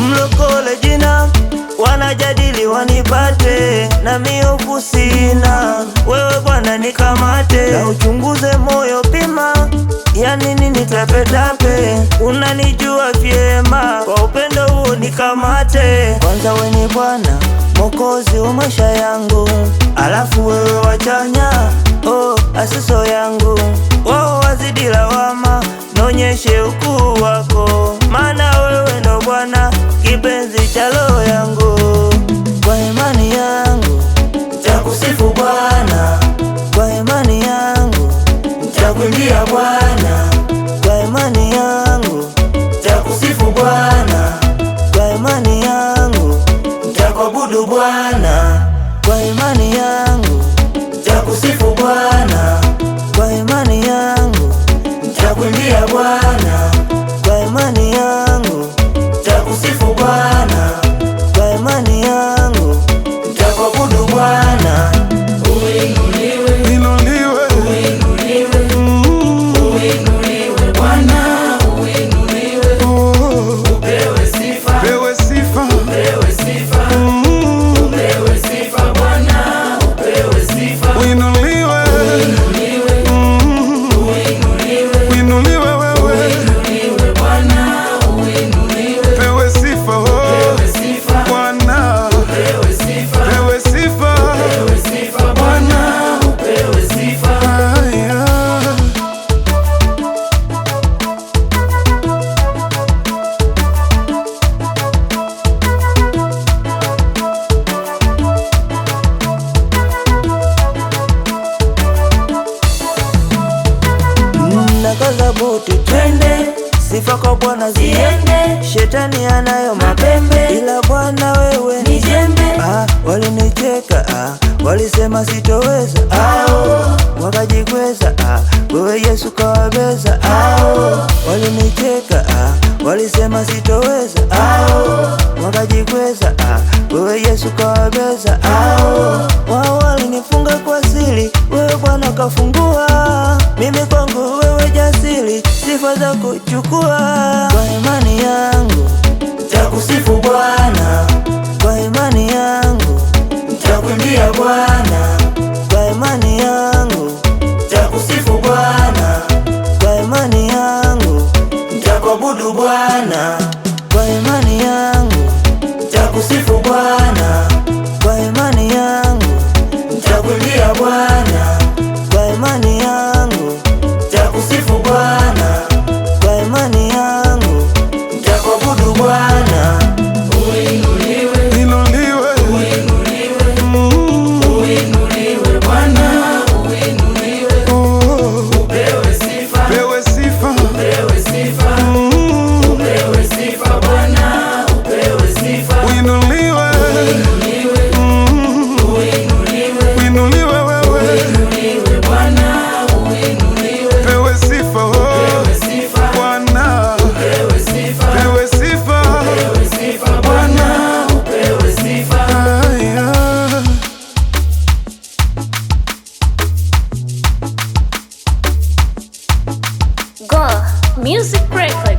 Mlokole jina wanajadili wanipate, na miovu wewe Bwana nikamate, na moyo pima, ya nini nitapetape, unanijua vyema, kwa upendo huo nikamate, kwanza weni Bwana mokozi wa maisha yangu, alafu wewe wachanya oh, asiso yangu wao wazidi lawama, nonyeshe ukuu wako, maana wewe ndo Bwana kipenzi cha roho yangu. Kwa imani yangu nitakusifu Bwana, kwa imani yangu nitakuimbia Bwana. Bwana Sifa kwa Bwana ziende, shetani anayo mapembe, ila Bwana wewe ni jembe. Ah, walinicheka ah, walisema sitoweza ah, wakajikweza ah, wewe Yesu kawabeza ah, walinicheka ah, walisema sitoweza ah, wakajikweza ah, wewe Yesu kawabeza ah, wao walinifunga kwa siri, wewe Bwana kafunga kuchukua music breakfast.